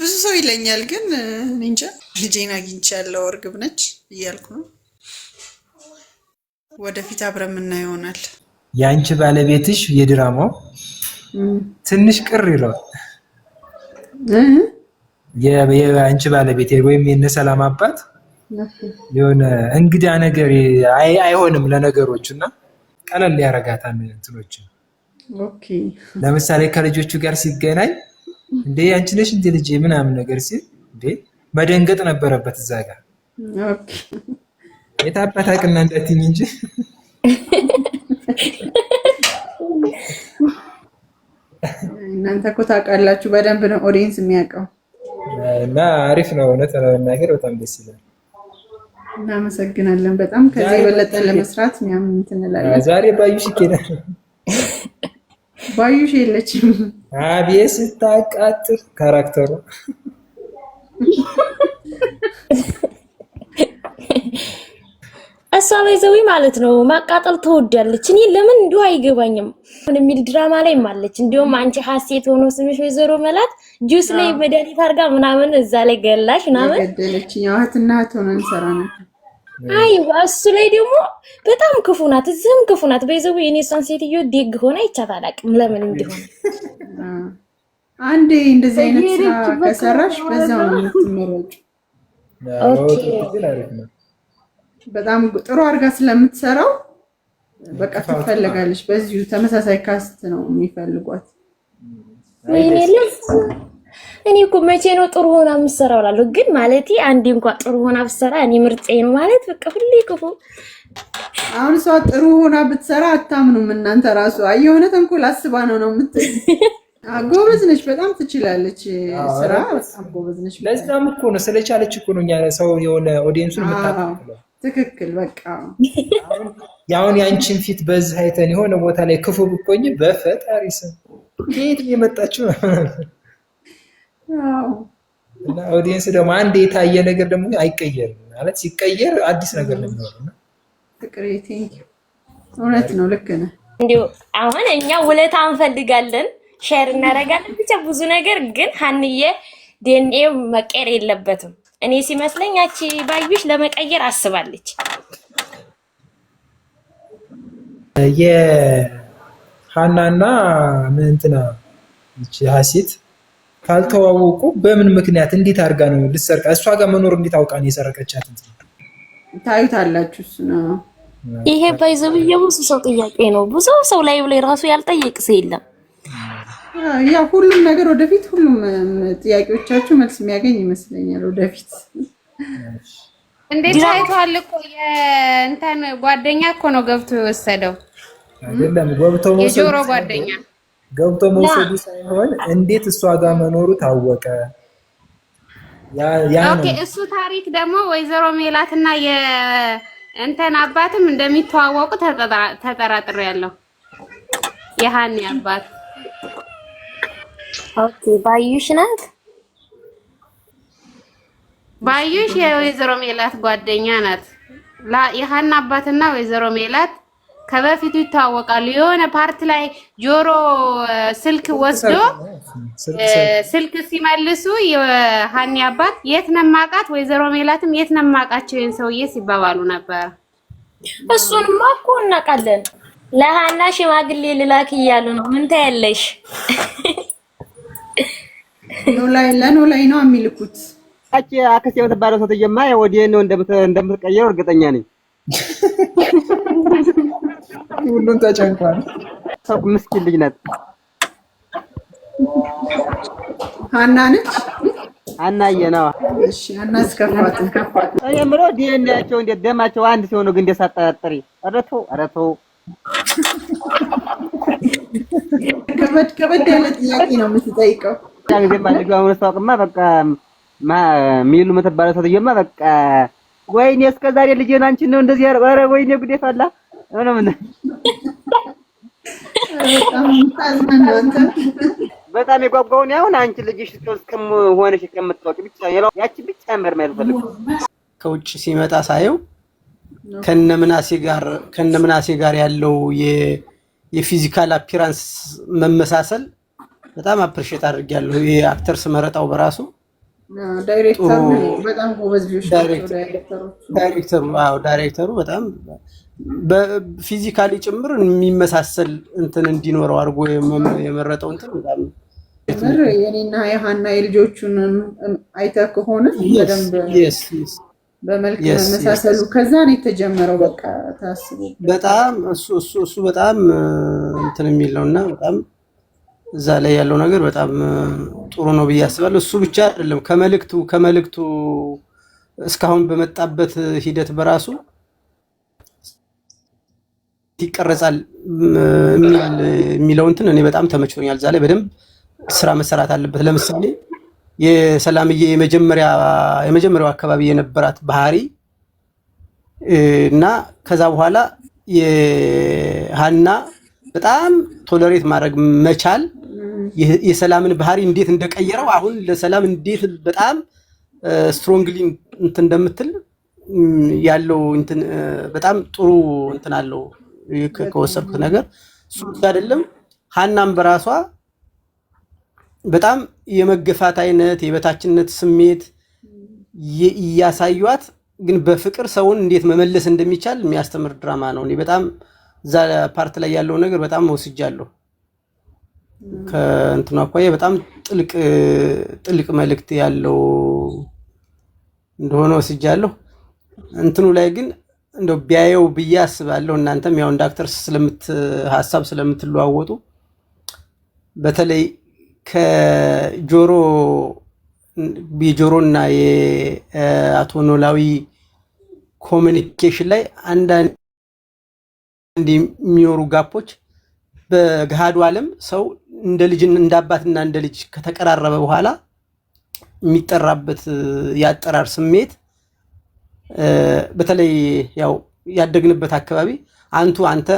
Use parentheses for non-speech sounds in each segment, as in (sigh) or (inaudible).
ብዙ ሰው ይለኛል፣ ግን እንጃ ልጄን አግኝቻለሁ እርግብ ነች እያልኩ ነው። ወደፊት አብረን የምናየው ይሆናል። የአንቺ ባለቤትሽ የድራማው ትንሽ ቅር ይለዋል። የአንቺ ባለቤት ወይም የነ ሰላም አባት የሆነ እንግዳ ነገር አይሆንም ለነገሮቹ እና ቀለል ያረጋታል እንትኖችን ለምሳሌ ከልጆቹ ጋር ሲገናኝ እንዴ አንቺ ነሽ እንዴ ልጄ ምናምን ነገር ሲል እንዴ መደንገጥ ነበረበት እዛ ጋር። የታባት አቅና እንዳትኝ እንጂ እናንተ እኮ ታውቃላችሁ በደንብ ነው ኦዲየንስ የሚያውቀው። እና አሪፍ ነው እውነት ለመናገር በጣም ደስ ይላል። እናመሰግናለን። በጣም ከዚህ የበለጠ ለመስራት ምናምን እንትን ዛሬ ባዩሽ ይኬዳል። ባዩሽ የለችም። አቤት ስታቃጥል ካራክተሩ እሷ በይዘዊ ማለት ነው ማቃጠል ትወዳለች። እኔ ለምን እንዲ አይገባኝም የሚል ድራማ ላይ ማለች። እንዲሁም አንቺ ሀሴት ሆኖ ስምሽ ወይዘሮ መላት ጁስ ላይ መድኃኒት አርጋ ምናምን እዛ ላይ ገላሽ ምናምን ገደለችኝ። እህትና እህት ሆነ እንሰራ ነው አይ እሱ ላይ ደግሞ በጣም ክፉ ናት፣ እዚህም ክፉ ናት። በይዘው የኔ እሷን ሴትዮ ደግ ሆነ ይቻት አላውቅም ለምን እንዲሆን። አንዴ እንደዚህ አይነት ስራ ከሰራሽ በዛው ነው የምትመረጭ። በጣም ጥሩ አድርጋ ስለምትሰራው በቃ ትፈልጋለች። በዚሁ ተመሳሳይ ካስት ነው የሚፈልጓት። እኔ እኮ መቼ ነው ጥሩ ሆና የምትሰራው እላለሁ። ግን ማለት አንዴ እንኳን ጥሩ ሆና ብሰራ እኔ ምርጬ ነው ማለት በቃ ሁሌ ክፉ። አሁን እሷ ጥሩ ሆና ብትሰራ አታምኑም እናንተ ራሱ። አየህ የሆነ ተንኮል አስባ ነው ነው ምት ጎበዝ ነች፣ በጣም ትችላለች። ስራ በጣም ጎበዝ ነች። ለዛም እኮ ነው ስለቻለች እኮ ነው እኛ ሰው የሆነ ኦዲየንሱን የምታውቀው። ትክክል በቃ ያሁን ያንቺን ፊት በዚህ አይተን የሆነ ቦታ ላይ ክፉ ብኮኝ በፈጣሪ ስም የት የመጣችው እና ኦዲየንስ ደግሞ አንድ የታየ ነገር ደግሞ አይቀየርም ማለት ሲቀየር አዲስ ነገር ነው እውነት ነው፣ ልክ ነህ። እንዲሁ አሁን እኛ ውለታ እንፈልጋለን፣ ሼር እናደርጋለን፣ ብቻ ብዙ ነገር ግን ሀንዬ ዲኤንኤ መቀየር የለበትም። እኔ ሲመስለኝ አቺ ባዩሽ ለመቀየር አስባለች። የሀናና ምንትና ሀሲት ካልተዋወቁ በምን ምክንያት እንዴት አድርጋ ነው ልሰርቃ? እሷ ጋር መኖር እንዴት አውቃ ነው የሰረቀቻት? ታዩታላችሁ። ይሄ ባይዘብ የብዙ ሰው ጥያቄ ነው። ብዙ ሰው ላይ ብሎ ራሱ ያልጠየቅ ሰው የለም። ያ ሁሉም ነገር ወደፊት ሁሉም ጥያቄዎቻችሁ መልስ የሚያገኝ ይመስለኛል። ወደፊት እንዴት ታይቷል እኮ የእንትን ጓደኛ እኮ ነው ገብቶ የወሰደው የጆሮ ጓደኛ ገብቶ መውሰዱ ሳይሆን እንዴት እሷ ጋር መኖሩ ታወቀ። እሱ ታሪክ ደግሞ ወይዘሮ ሜላትና የእንተን አባትም እንደሚተዋወቁ ተጠራጥሮ ያለው የሀኒ አባት ኦኬ፣ ባዩሽ ናት። ባዩሽ የወይዘሮ ሜላት ጓደኛ ናት። የሀና አባትና ወይዘሮ ሜላት ከበፊቱ ይታወቃሉ። የሆነ ፓርት ላይ ጆሮ ስልክ ወስዶ ስልክ ሲመልሱ የሀኒ አባት የት ነማቃት፣ ወይዘሮ ሜላትም የት ነማቃቸው ይህን ሰውዬ ሲባባሉ ነበር። እሱንማ እኮ እናውቃለን። ለሀና ሽማግሌ ልላክ እያሉ ነው። ምን ታያለሽ? ለኖላይ ነው የሚልኩት። አቺ የምትባለው ሰው ተጀማ ወዲህ ነው እንደምትቀየው እርግጠኛ ነኝ። (laughs) ሁሉን ተጨንቋል። ምስኪን ልጅ ናት። ሀና ነች። እሺ እስከፋት እኔ የምለው ዲኤንኤያቸው እንዴት ደማቸው አንድ ሲሆኑ ግን እንዴት ሳጠራጥሪ። ኧረ ተው፣ ኧረ ተው። ከበድ ከበድ ያለ ጥያቄ ነው የምትጠይቀው። ያን ጊዜ አሁን በቃ ሚሉ የምትባለው ሰውዬማ በቃ ወይኔ እስከ ዛሬ ልጄን አንቺን ነው እንደዚህ። ኧረ ወይኔ ጉዴ ፈላ በጣም የጓጓውን ያሁን አንቺ ልጅሽ እስከም ሆነሽ ብቻ ያቺ ብቻ ነበር ማይፈልግ ከውጭ ሲመጣ ሳየው ከነምናሴ ጋር ከነምናሴ ጋር ያለው የፊዚካል አፒራንስ መመሳሰል በጣም አፕሪሼት አድርጌያለሁ። የአክተርስ መረጣው በራሱ ዳይሬክተሩ በጣም በፊዚካሊ ጭምር የሚመሳሰል እንትን እንዲኖረው አድርጎ የመረጠው እንትን በጣም ጭምር የኔና የሀና የልጆቹን አይተህ ከሆነ በደንብ በመልክ መመሳሰሉ ከዛ ነው የተጀመረው። በቃ ታስቡ በጣም እሱ በጣም እንትን የሚል ነው እና በጣም እዛ ላይ ያለው ነገር በጣም ጥሩ ነው ብዬ አስባለሁ። እሱ ብቻ አይደለም ከመልእክቱ ከመልእክቱ እስካሁን በመጣበት ሂደት በራሱ ይቀረጻል የሚለው እንትን እኔ በጣም ተመችቶኛል። እዛ ላይ በደንብ ስራ መሰራት አለበት። ለምሳሌ የሰላምዬ የመጀመሪያው አካባቢ የነበራት ባህሪ እና ከዛ በኋላ የሀና በጣም ቶለሬት ማድረግ መቻል የሰላምን ባህሪ እንዴት እንደቀየረው አሁን ለሰላም እንዴት በጣም ስትሮንግሊ እንትን እንደምትል ያለው እንትን በጣም ጥሩ እንትን አለው ከወሰድኩት ነገር እሱ አይደለም። ሀናም በራሷ በጣም የመገፋት አይነት የበታችነት ስሜት እያሳዩት ግን በፍቅር ሰውን እንዴት መመለስ እንደሚቻል የሚያስተምር ድራማ ነው። እኔ በጣም እዛ ፓርት ላይ ያለው ነገር በጣም መውስጃለሁ። ከእንትኑ አኳያ በጣም ጥልቅ ጥልቅ መልእክት ያለው እንደሆነ ወስጃለሁ። እንትኑ ላይ ግን እንደው ቢያየው ብዬ አስባለሁ። እናንተም ያው እንደ ስለምት ሀሳብ ስለምትለዋወጡ በተለይ ከጆሮ የጆሮና የአቶ ኖላዊ ኮሚኒኬሽን ላይ አንዳንድ የሚኖሩ ጋፖች በገሃዱ ዓለም ሰው እንደ ልጅ እንደ አባትና እንደ ልጅ ከተቀራረበ በኋላ የሚጠራበት የአጠራር ስሜት በተለይ ያው ያደግንበት አካባቢ አንቱ አንተ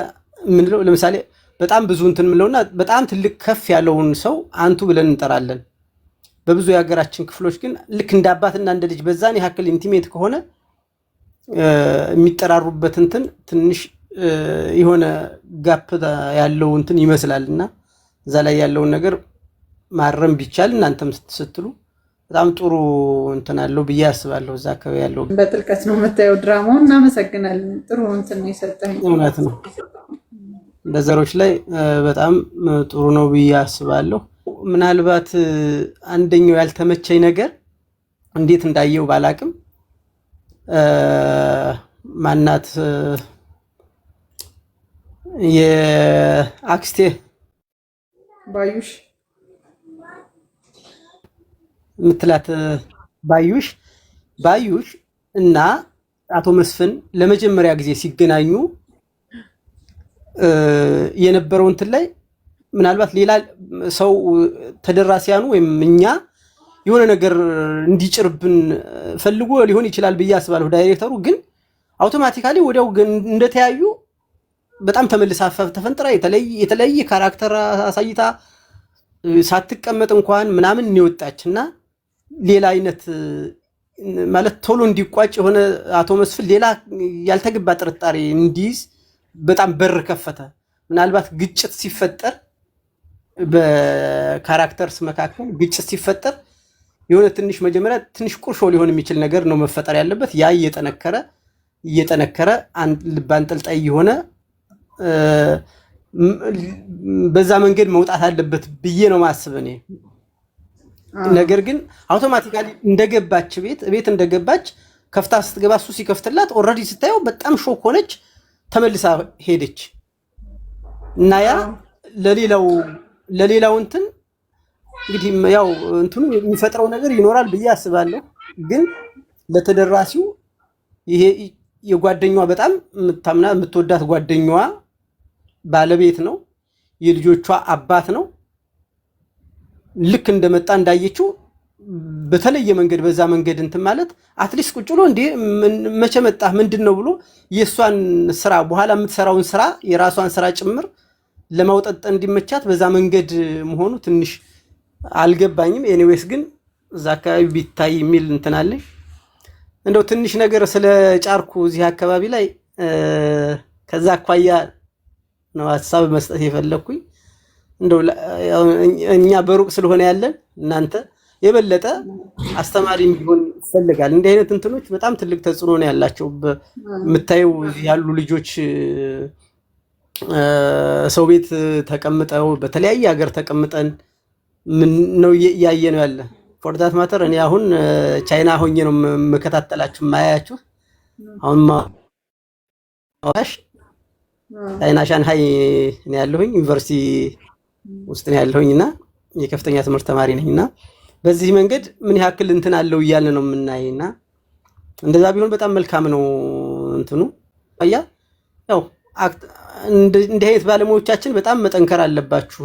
የምንለው ለምሳሌ በጣም ብዙ እንትን የምንለውና በጣም ትልቅ ከፍ ያለውን ሰው አንቱ ብለን እንጠራለን። በብዙ የሀገራችን ክፍሎች ግን ልክ እንደ አባትና እንደ ልጅ በዛን ያክል ኢንቲሜት ከሆነ የሚጠራሩበት እንትን ትንሽ የሆነ ጋፕ ያለው እንትን ይመስላልና። እና እዛ ላይ ያለውን ነገር ማረም ቢቻል እናንተም ስትሉ በጣም ጥሩ እንትን አለው ብዬ አስባለሁ። እዛ አካባቢ ያለው በጥልቀት ነው የምታየው ድራማው። እናመሰግናለን። ጥሩ እንትን የሰጠኝ። እውነት ነው በዘሮች ላይ በጣም ጥሩ ነው ብዬ አስባለሁ። ምናልባት አንደኛው ያልተመቸኝ ነገር እንዴት እንዳየው ባላቅም ማናት የአክስቴ ባዩሽ የምትላት ባዩሽ ባዩሽ እና አቶ መስፍን ለመጀመሪያ ጊዜ ሲገናኙ የነበረው እንትን ላይ ምናልባት ሌላ ሰው ተደራሲያኑ ወይም እኛ የሆነ ነገር እንዲጭርብን ፈልጎ ሊሆን ይችላል ብዬ አስባለሁ። ዳይሬክተሩ ግን አውቶማቲካሊ ወዲያው እንደተያዩ በጣም ተመልሳ ተፈንጥራ የተለየ ካራክተር አሳይታ ሳትቀመጥ እንኳን ምናምን የወጣች እና ሌላ አይነት ማለት ቶሎ እንዲቋጭ የሆነ አቶ መስፍን ሌላ ያልተገባ ጥርጣሬ እንዲይዝ በጣም በር ከፈተ። ምናልባት ግጭት ሲፈጠር በካራክተርስ መካከል ግጭት ሲፈጠር የሆነ ትንሽ መጀመሪያ ትንሽ ቁርሾ ሊሆን የሚችል ነገር ነው መፈጠር ያለበት። ያ እየጠነከረ እየጠነከረ ልብ አንጠልጣይ የሆነ በዛ መንገድ መውጣት አለበት ብዬ ነው ማስብ እኔ። ነገር ግን አውቶማቲካሊ እንደገባች ቤት ቤት እንደገባች ከፍታ ስትገባ እሱ ሲከፍትላት ኦልሬዲ ስታየው በጣም ሾክ ሆነች፣ ተመልሳ ሄደች እና ያ ለሌላው ለሌላው እንትን እንግዲህ ያው እንትኑ የሚፈጥረው ነገር ይኖራል ብዬ አስባለሁ። ግን ለተደራሲው ይሄ የጓደኛዋ በጣም የምታምና የምትወዳት ጓደኛዋ ባለቤት ነው፣ የልጆቿ አባት ነው። ልክ እንደመጣ እንዳየችው በተለየ መንገድ በዛ መንገድ እንትን ማለት አትሊስት ቁጭ ብሎ እንዲህ መቼ መጣህ ምንድን ነው ብሎ የእሷን ስራ በኋላ የምትሰራውን ስራ የራሷን ስራ ጭምር ለማውጠጥ እንዲመቻት በዛ መንገድ መሆኑ ትንሽ አልገባኝም። ኤኒዌይስ ግን እዛ አካባቢ ቢታይ የሚል እንትን አለኝ። እንደው ትንሽ ነገር ስለ ጫርኩ እዚህ አካባቢ ላይ ከዛ አኳያ ነው ሀሳብ መስጠት የፈለግኩኝ። እንደው እኛ በሩቅ ስለሆነ ያለን እናንተ የበለጠ አስተማሪ እንዲሆን ይፈልጋል። እንዲህ አይነት እንትኖች በጣም ትልቅ ተጽዕኖ ነው ያላቸው። የምታየው ያሉ ልጆች ሰው ቤት ተቀምጠው በተለያየ ሀገር ተቀምጠን ምን ነው እያየ ነው ያለ ፎርዳት ማተር። እኔ አሁን ቻይና ሆኜ ነው የምከታተላችሁ ማያችሁ። አሁን ቻይና ሻንሃይ ነው ያለሁኝ። ዩኒቨርሲቲ ውስጥ ነው ያለሁኝ እና የከፍተኛ ትምህርት ተማሪ ነኝ እና በዚህ መንገድ ምን ያክል እንትን አለው እያልን ነው የምናይ እና እንደዛ ቢሆን በጣም መልካም ነው። እንትኑ አያ ያው እንዲህ አይነት ባለሙያዎቻችን በጣም መጠንከር አለባችሁ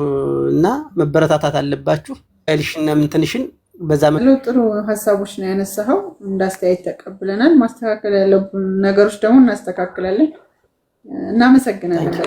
እና መበረታታት አለባችሁ። ልሽና ምንትንሽን በዛ ጥሩ ሀሳቦች ነው ያነሳኸው። እንዳስተያየት ተቀብለናል። ማስተካከል ያለብን ነገሮች ደግሞ እናስተካክላለን። እናመሰግናለን።